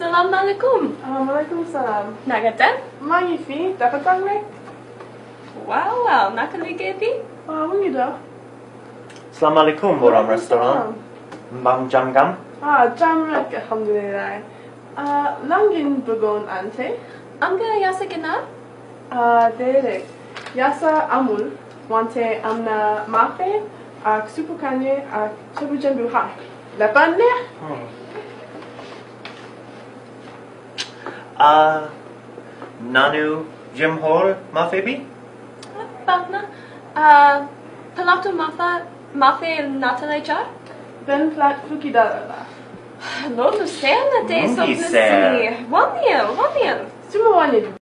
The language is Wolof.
salaamaaleykum. maaleykum salaam. naka maa ngi fi dafa tàng rek. waaw waaw naka liggéey bi. waaw ah, mu ngi dox. salaamaaleykum borom restaurant. mbaam jàmm ngam. ah jàmm rek alhamdulilah. lan ngeen ante. am nga yaasa ginaar. ah yaasa amul wante am na maafe ak ah, suppu ah, kànja ak ceebu jën bu xar. la a uh, nanu jimhor mafebi? Bakna, uh, palatu mafa mafe natalechar? Ben flat fukidara. Låt oss se när det är som precis. Vad ni är, vad ni är. Simon, vad ni